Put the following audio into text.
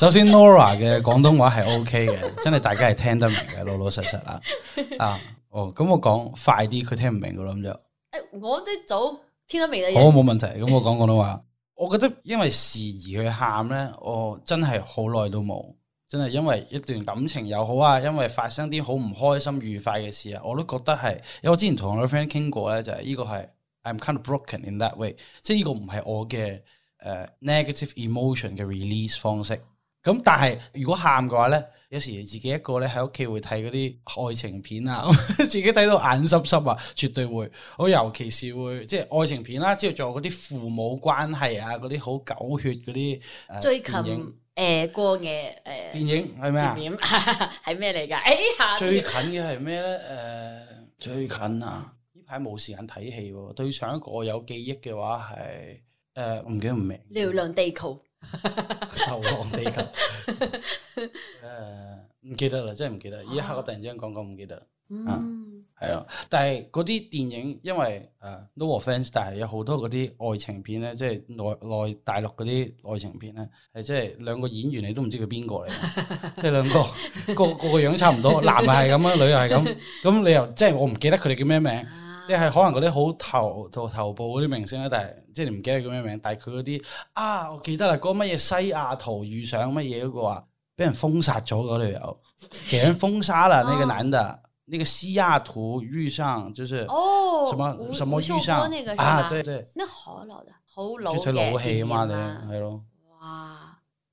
首先 Nora 嘅廣東話係 OK 嘅， 真係大家係聽得明嘅，老老實實啊啊！哦，咁我講快啲，佢聽唔明我諗著。誒、哎，我都早聽得明嘅嘢。好，冇問題，咁我講廣東話。 我覺得因為時而佢喊咧，我真係好耐都冇，真係因為一段感情又好啊，因為發生啲好唔開心、愉快嘅事啊，我都覺得係。因為我之前同我個 friend 傾過咧，就係、是、呢個係 I'm kind of broken in that way。即係呢個唔係我嘅誒 negative emotion 嘅 release 方式。咁但係如果喊嘅話咧，有時自己一個咧喺屋企會睇嗰啲愛情片啊，自己睇到眼濕濕啊，絕對會。我尤其是會即係愛情片啦，之後仲有嗰啲父母關係、呃呃、啊，嗰啲好狗血嗰啲。哎、最近誒，過嘅誒，電影係咩啊？係咩嚟噶？誒，最近嘅係咩咧？誒，最近啊，呢排冇時間睇戲。對上一個有記憶嘅話係誒，唔、呃、記得唔明。嘹亮地球。流浪 狂地球、 呃，誒唔記得啦，真係唔記得。而家我突然之間講講唔記得，係咯、啊。嗯、但係嗰啲電影，因為誒 no offense，但係有好多嗰啲愛情片咧，即係內內大陸嗰啲愛情片咧，係即係兩個演員你都唔知佢邊個嚟，即係 兩個個個個樣差唔多，男又係咁啊，女又係咁，咁你又即係我唔記得佢哋叫咩名。 即係可能嗰啲好頭頭頭部嗰啲明星咧，但係即係你唔記得叫咩名，但係佢嗰啲啊，我記得啦，嗰、那個乜嘢西雅圖遇上乜嘢嗰個啊，被人封殺咗嗰條友，被人 封殺啦，哦、呢個男嘅，呢、那個西雅圖遇上就是什麼,、哦、什,麼什麼遇上我說啊，對對，那好老的好老嘅電影啊，係咯。